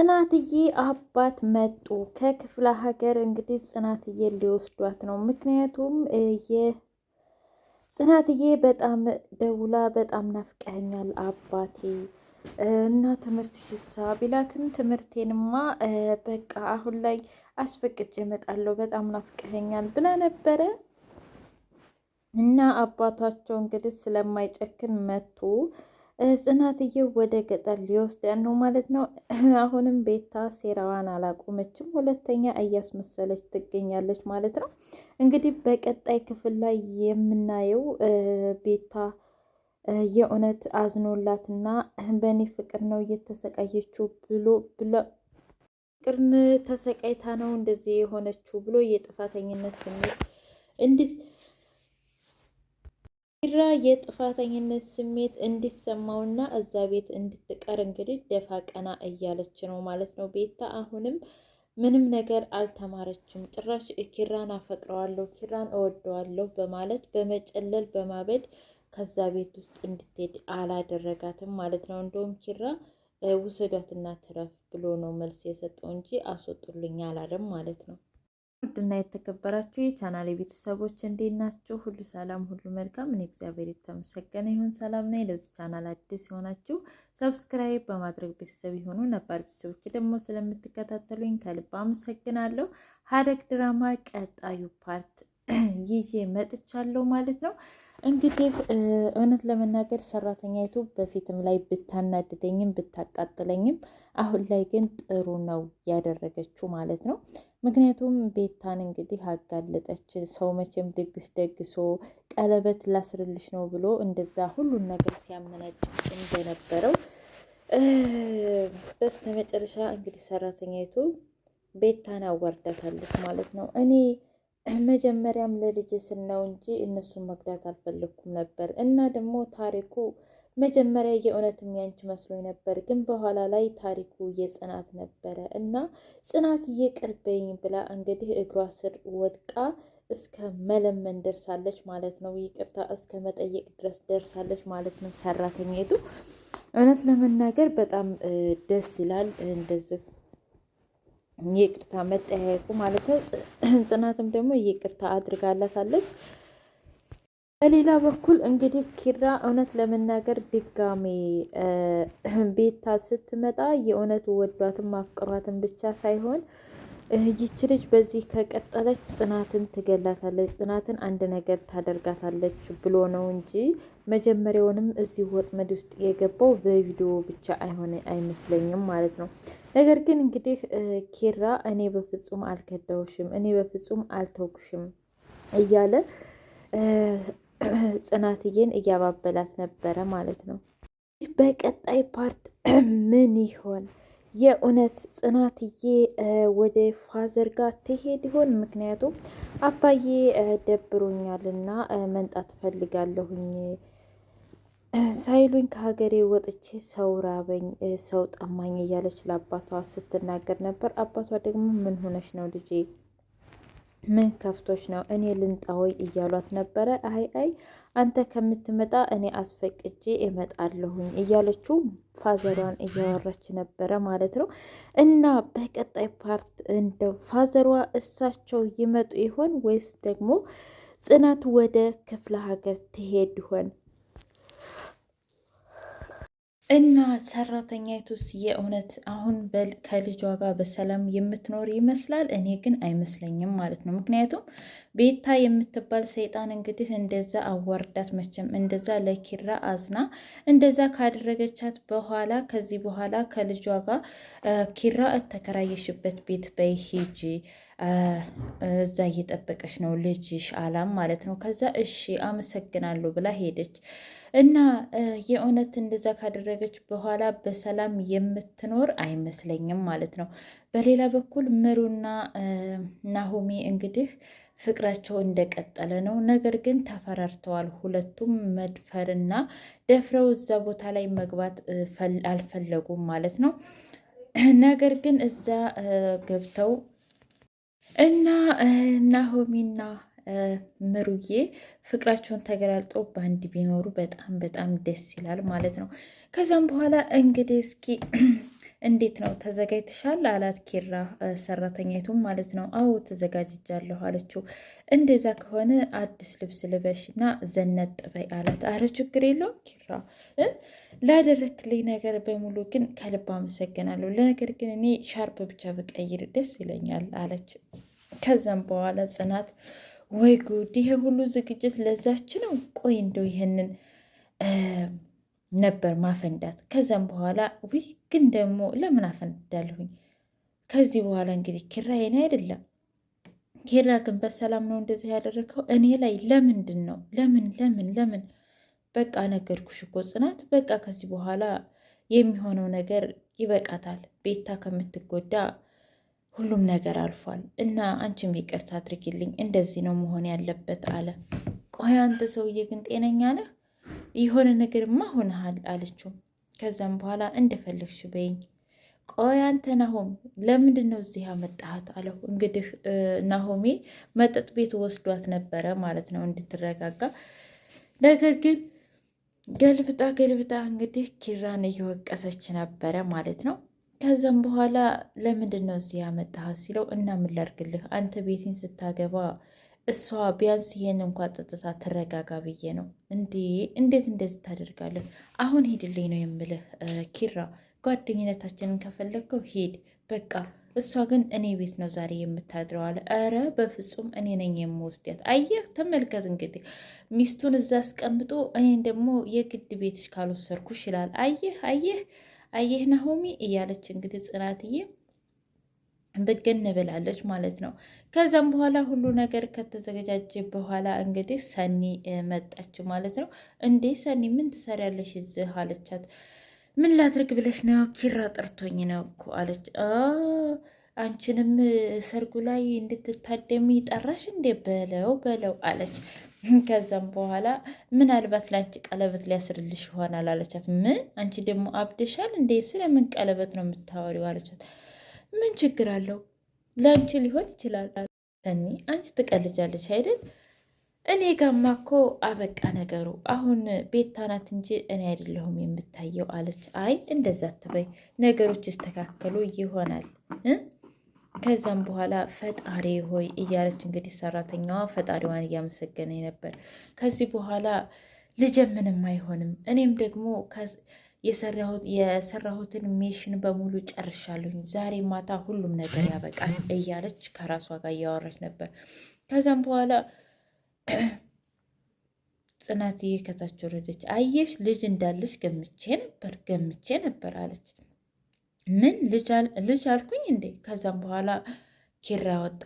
ጽናትዬ አባት መጡ ከክፍለ ሀገር። እንግዲህ ጽናትዬ ሊወስዷት ነው። ምክንያቱም ጽናትዬ በጣም ደውላ በጣም ናፍቀኸኛል አባቴ እና ትምህርት ሂሳ ቢላትም ትምህርቴንማ በቃ አሁን ላይ አስፈቅጄ እመጣለሁ በጣም ናፍቀኸኛል ብላ ነበረ እና አባቷቸው እንግዲህ ስለማይጨክን መጡ። ጽናትዬ ወደ ገጠር ሊወስደን ነው ማለት ነው። አሁንም ቤታ ሴራዋን አላቆመችም፣ ሁለተኛ እያስመሰለች ትገኛለች ማለት ነው። እንግዲህ በቀጣይ ክፍል ላይ የምናየው ቤታ የእውነት አዝኖላትና በእኔ ፍቅር ነው እየተሰቃየችው ብሎ ብለ ፍቅርን ተሰቃይታ ነው እንደዚህ የሆነችው ብሎ የጥፋተኝነት ስሜት እንዲህ ኪራ የጥፋተኝነት ስሜት እንዲሰማውና እዛ ቤት እንድትቀር እንግዲህ ደፋ ቀና እያለች ነው ማለት ነው። ቤታ አሁንም ምንም ነገር አልተማረችም። ጭራሽ ኪራን አፈቅረዋለሁ፣ ኪራን እወደዋለሁ በማለት በመጨለል በማበድ ከዛ ቤት ውስጥ እንድትሄድ አላደረጋትም ማለት ነው። እንደውም ኪራ ውሰዷትና ትረፍ ብሎ ነው መልስ የሰጠው እንጂ አስወጡልኝ አላለም ማለት ነው። ውድና የተከበራችሁ የቻናል ቤተሰቦች እንዴት ናችሁ? ሁሉ ሰላም፣ ሁሉ መልካም። እኔ እግዚአብሔር የተመሰገነ ይሁን ሰላም ነኝ። ለዚህ ቻናል አዲስ የሆናችሁ ሰብስክራይብ በማድረግ ቤተሰብ የሆኑ ነባር ቤተሰቦች ደግሞ ስለምትከታተሉኝ ከልብ አመሰግናለሁ። ሐረግ ድራማ ቀጣዩ ፓርት ይዤ መጥቻለሁ ማለት ነው። እንግዲህ እውነት ለመናገር ሰራተኛይቱ በፊትም ላይ ብታናድደኝም ብታቃጥለኝም፣ አሁን ላይ ግን ጥሩ ነው ያደረገችው ማለት ነው። ምክንያቱም ቤታን እንግዲህ አጋለጠች። ሰው መቼም ድግስ ደግሶ ቀለበት ላስርልሽ ነው ብሎ እንደዛ ሁሉን ነገር ሲያመነጭ እንደነበረው በስተ መጨረሻ እንግዲህ ሰራተኛቱ ቤታን አዋርዳታለች ማለት ነው። እኔ መጀመሪያም ለልጅ ስናው እንጂ እነሱን መግዳት አልፈለግኩም ነበር እና ደግሞ ታሪኩ መጀመሪያ የእውነትም ያንቺ መስሎ ነበር፣ ግን በኋላ ላይ ታሪኩ የጽናት ነበረ እና ጽናት ይቅር ብላ እንግዲህ እግሯ ስር ወድቃ እስከ መለመን ደርሳለች ማለት ነው። ይቅርታ እስከ መጠየቅ ድረስ ደርሳለች ማለት ነው። ሰራተኛቱ እውነት ለመናገር በጣም ደስ ይላል እንደዚህ ይቅርታ መጠያየቁ ማለት ነው። ጽናትም ደግሞ ይቅርታ አድርጋላታለች። በሌላ በኩል እንግዲህ ኪራ እውነት ለመናገር ድጋሜ ቤታ ስትመጣ የእውነት ወዷትም አፍቅሯትም ብቻ ሳይሆን ይች ልጅ በዚህ ከቀጠለች ጽናትን ትገላታለች፣ ጽናትን አንድ ነገር ታደርጋታለች ብሎ ነው እንጂ መጀመሪያውንም እዚህ ወጥመድ ውስጥ የገባው በቪዲዮ ብቻ አይሆን አይመስለኝም ማለት ነው። ነገር ግን እንግዲህ ኪራ እኔ በፍጹም አልከዳውሽም፣ እኔ በፍጹም አልተውኩሽም እያለ ጽናትዬን እያባበላት ነበረ ማለት ነው። በቀጣይ ፓርት ምን ይሆን? የእውነት ጽናትዬ ወደ ፋዘር ጋር ትሄድ ይሆን? ምክንያቱም አባዬ ደብሮኛልና መንጣት ፈልጋለሁኝ ሳይሉኝ ከሀገሬ ወጥቼ ሰው ራበኝ፣ ሰው ጠማኝ እያለች ለአባቷ ስትናገር ነበር። አባቷ ደግሞ ምን ሆነሽ ነው ልጄ ምን ከፍቶች ነው እኔ ልንጣወይ እያሏት ነበረ። አይ አይ አንተ ከምትመጣ እኔ አስፈቅጄ እመጣለሁኝ እያለችው ፋዘሯን እያወራች ነበረ ማለት ነው። እና በቀጣይ ፓርት እንደው ፋዘሯ እሳቸው ይመጡ ይሆን ወይስ ደግሞ ጽናት ወደ ክፍለ ሀገር ትሄድ ይሆን? እና ሰራተኛይቱስ የእውነት አሁን በል ከልጇ ጋር በሰላም የምትኖር ይመስላል። እኔ ግን አይመስለኝም ማለት ነው። ምክንያቱም ቤታ የምትባል ሰይጣን እንግዲህ እንደዛ አዋርዳት መቼም እንደዛ ለኪራ አዝና እንደዛ ካደረገቻት በኋላ ከዚህ በኋላ ከልጇ ጋር ኪራ እተከራየሽበት ቤት በይሄጂ እዛ እየጠበቀች ነው ልጅሽ አላም ማለት ነው። ከዛ እሺ አመሰግናለሁ ብላ ሄደች። እና የእውነት እንደዛ ካደረገች በኋላ በሰላም የምትኖር አይመስለኝም ማለት ነው። በሌላ በኩል ምሩና ናሆሜ እንግዲህ ፍቅራቸው እንደቀጠለ ነው። ነገር ግን ተፈራርተዋል። ሁለቱም መድፈርና ደፍረው እዛ ቦታ ላይ መግባት አልፈለጉም ማለት ነው። ነገር ግን እዛ ገብተው እና ናሆሚና ምሩዬ ፍቅራቸውን ተገላልጦ በአንድ ቢኖሩ በጣም በጣም ደስ ይላል ማለት ነው። ከዛም በኋላ እንግዲህ እስኪ እንዴት ነው ተዘጋጅተሻል? አላት ኪራ ሰራተኛቱም ማለት ነው። አዎ ተዘጋጅጃለሁ አለችው። እንደዛ ከሆነ አዲስ ልብስ ልበሽና ዘነጥ በይ አላት። አረ ችግር የለውም ኪራ፣ ላደረክልኝ ነገር በሙሉ ግን ከልብ አመሰግናለሁ። ለነገር ግን እኔ ሻርፕ ብቻ ብቀይር ደስ ይለኛል አለች። ከዛም በኋላ ጽናት ወይ ጉድ! ይሄ ሁሉ ዝግጅት ለዛች ነው። ቆይ እንደው ይሄንን ነበር ማፈንዳት። ከዛም በኋላ ውይ ግን ደግሞ ለምን አፈንዳለሁኝ? ከዚህ በኋላ እንግዲህ ኪራ የኔ አይደለም። ኪራ ግን በሰላም ነው እንደዚህ ያደረገው እኔ ላይ ለምንድን ነው? ለምን ለምን ለምን? በቃ ነገርኩሽ እኮ ጽናት፣ በቃ ከዚህ በኋላ የሚሆነው ነገር ይበቃታል። ቤታ ከምትጎዳ ሁሉም ነገር አልፏል እና አንቺም ይቅርታ አድርጊልኝ፣ እንደዚህ ነው መሆን ያለበት አለ። ቆይ አንተ ሰውዬ ግን ጤነኛ ነህ? የሆነ ነገርማ ሆነሃል አለችው። ከዛም በኋላ እንደፈለግሽ በይኝ። ቆይ አንተ ናሆም ለምንድን ነው እዚህ ያመጣሃት? አለው። እንግዲህ ናሆሜ መጠጥ ቤት ወስዷት ነበረ ማለት ነው እንድትረጋጋ። ነገር ግን ገልብጣ ገልብጣ እንግዲህ ኪራን እየወቀሰች ነበረ ማለት ነው። ከዛም በኋላ ለምንድን ነው እዚህ ያመጣሃት ሲለው እና ምን ላድርግልህ አንተ ቤቴን ስታገባ እሷ ቢያንስ ይሄን እንኳ ጥጥታ ትረጋጋ ብዬ ነው። እንዴ እንዴት እንደዚህ ታደርጋለህ? አሁን ሂድልኝ ነው የምልህ ኪራ። ጓደኝነታችንን ከፈለግከው ሂድ በቃ። እሷ ግን እኔ ቤት ነው ዛሬ የምታድረው ኧረ በፍጹም እኔ ነኝ የምወስድያት አየህ ተመልከት እንግዲህ ሚስቱን እዛ አስቀምጦ እኔን ደግሞ የግድ ቤትሽ ካልወሰድኩሽ ይላል። አየህ አየህ አየህ ናሆሚ እያለች እንግዲህ ጽናትዬ ብግን ብላለች ማለት ነው። ከዛም በኋላ ሁሉ ነገር ከተዘገጃጀ በኋላ እንግዲህ ሰኒ መጣች ማለት ነው። እንዴ ሰኒ ምን ትሰሪያለሽ እዚህ አለቻት። ምን ላድርግ ብለሽ ነው? ኪራ ጠርቶኝ ነው እኮ አለች። አንቺንም ሰርጉ ላይ እንድትታደሚ ጠራሽ እንዴ? በለው በለው አለች። ከዛም በኋላ ምናልባት ለአንቺ ቀለበት ሊያስርልሽ ይሆናል አለቻት። ምን አንቺ ደግሞ አብደሻል እንዴ? ስለምን ቀለበት ነው የምታወሪው? አለቻት። ምን ችግር አለው ለአንቺ ሊሆን ይችላል። ሰኒ አንቺ ትቀልጃለች አይደል? እኔ ጋማ እኮ አበቃ ነገሩ። አሁን ቤታ ናት እንጂ እኔ አይደለሁም የምታየው አለች። አይ እንደዛ ትበይ፣ ነገሮች ይስተካከሉ ይሆናል ከዛም በኋላ ፈጣሪ ሆይ እያለች እንግዲህ ሰራተኛዋ ፈጣሪዋን እያመሰገነ ነበር። ከዚህ በኋላ ልጄ ምንም አይሆንም፣ እኔም ደግሞ የሰራሁትን ሜሽን በሙሉ ጨርሻለሁኝ፣ ዛሬ ማታ ሁሉም ነገር ያበቃል እያለች ከራሷ ጋር እያወራች ነበር። ከዛም በኋላ ጽናትዬ ከታች ወረደች። አየሽ ልጅ እንዳለች ገምቼ ነበር ገምቼ ነበር አለች። ምን ልጅ አልኩኝ እንዴ? ከዛም በኋላ ኪራ ወጣ።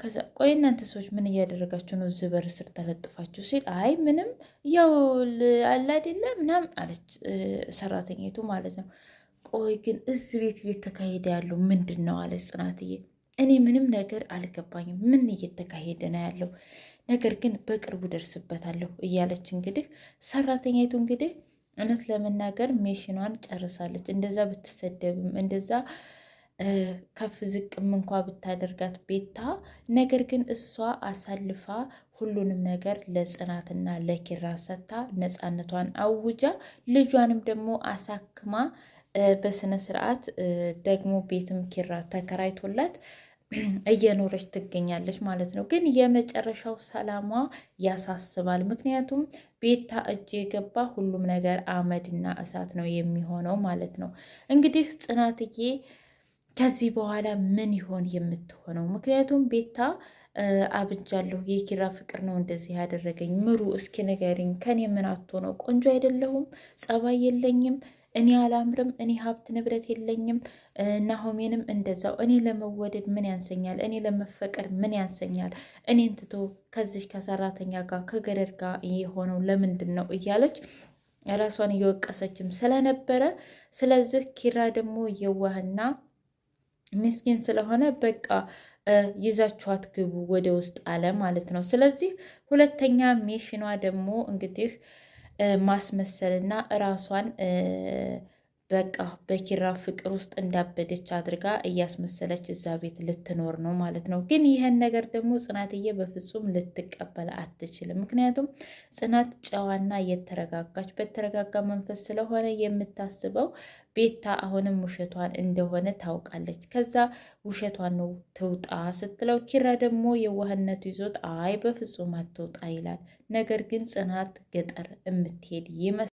ከዛ ቆይ እናንተ ሰዎች ምን እያደረጋችሁ ነው እዚህ በር ስር ተለጥፋችሁ? ሲል አይ ምንም ያው አለ አይደለ ምናምን አለች ሰራተኛቱ ማለት ነው። ቆይ ግን እዚህ ቤት እየተካሄደ ያለው ምንድን ነው? አለች ጽናትዬ። እኔ ምንም ነገር አልገባኝም፣ ምን እየተካሄደ ነው ያለው ነገር ግን በቅርቡ ደርስበታለሁ እያለች እንግዲህ ሰራተኛቱ እንግዲህ እውነት ለመናገር ሜሽኗን ጨርሳለች። እንደዛ ብትሰደብም እንደዛ ከፍ ዝቅም እንኳ ብታደርጋት ቤታ፣ ነገር ግን እሷ አሳልፋ ሁሉንም ነገር ለጽናትና ለኪራ ሰታ ነፃነቷን አውጃ ልጇንም ደግሞ አሳክማ በስነ ስርዓት ደግሞ ቤትም ኪራ ተከራይቶላት እየኖረች ትገኛለች ማለት ነው። ግን የመጨረሻው ሰላሟ ያሳስባል። ምክንያቱም ቤታ እጅ የገባ ሁሉም ነገር አመድና እሳት ነው የሚሆነው ማለት ነው። እንግዲህ ጽናትዬ ከዚህ በኋላ ምን ይሆን የምትሆነው? ምክንያቱም ቤታ አብጃለሁ፣ የኪራ ፍቅር ነው እንደዚህ ያደረገኝ። ምሩ እስኪ ንገሪኝ፣ ከኔ ምን አቶ ነው? ቆንጆ አይደለሁም፣ ጸባይ የለኝም እኔ አላምርም፣ እኔ ሀብት ንብረት የለኝም፣ ናሆሜንም እንደዛው። እኔ ለመወደድ ምን ያንሰኛል? እኔ ለመፈቀር ምን ያንሰኛል? እኔን ትቶ ከዚህ ከሰራተኛ ጋር ከገደድ ጋር የሆነው ለምንድን ነው እያለች ራሷን እየወቀሰችም ስለነበረ ስለዚህ ኪራ ደግሞ የዋህና ምስኪን ስለሆነ በቃ ይዛችኋት ግቡ ወደ ውስጥ አለ ማለት ነው። ስለዚህ ሁለተኛ ሜሽኗ ደግሞ እንግዲህ ማስመሰልና ራሷን በቃ በኪራ ፍቅር ውስጥ እንዳበደች አድርጋ እያስመሰለች እዛ ቤት ልትኖር ነው ማለት ነው። ግን ይህን ነገር ደግሞ ጽናትዬ በፍጹም ልትቀበል አትችልም። ምክንያቱም ጽናት ጨዋና እየተረጋጋች በተረጋጋ መንፈስ ስለሆነ የምታስበው ቤታ አሁንም ውሸቷን እንደሆነ ታውቃለች። ከዛ ውሸቷን ነው ትውጣ ስትለው፣ ኪራ ደግሞ የዋህነቱ ይዞት አይ በፍጹም አትውጣ ይላል። ነገር ግን ጽናት ገጠር የምትሄድ ይመስል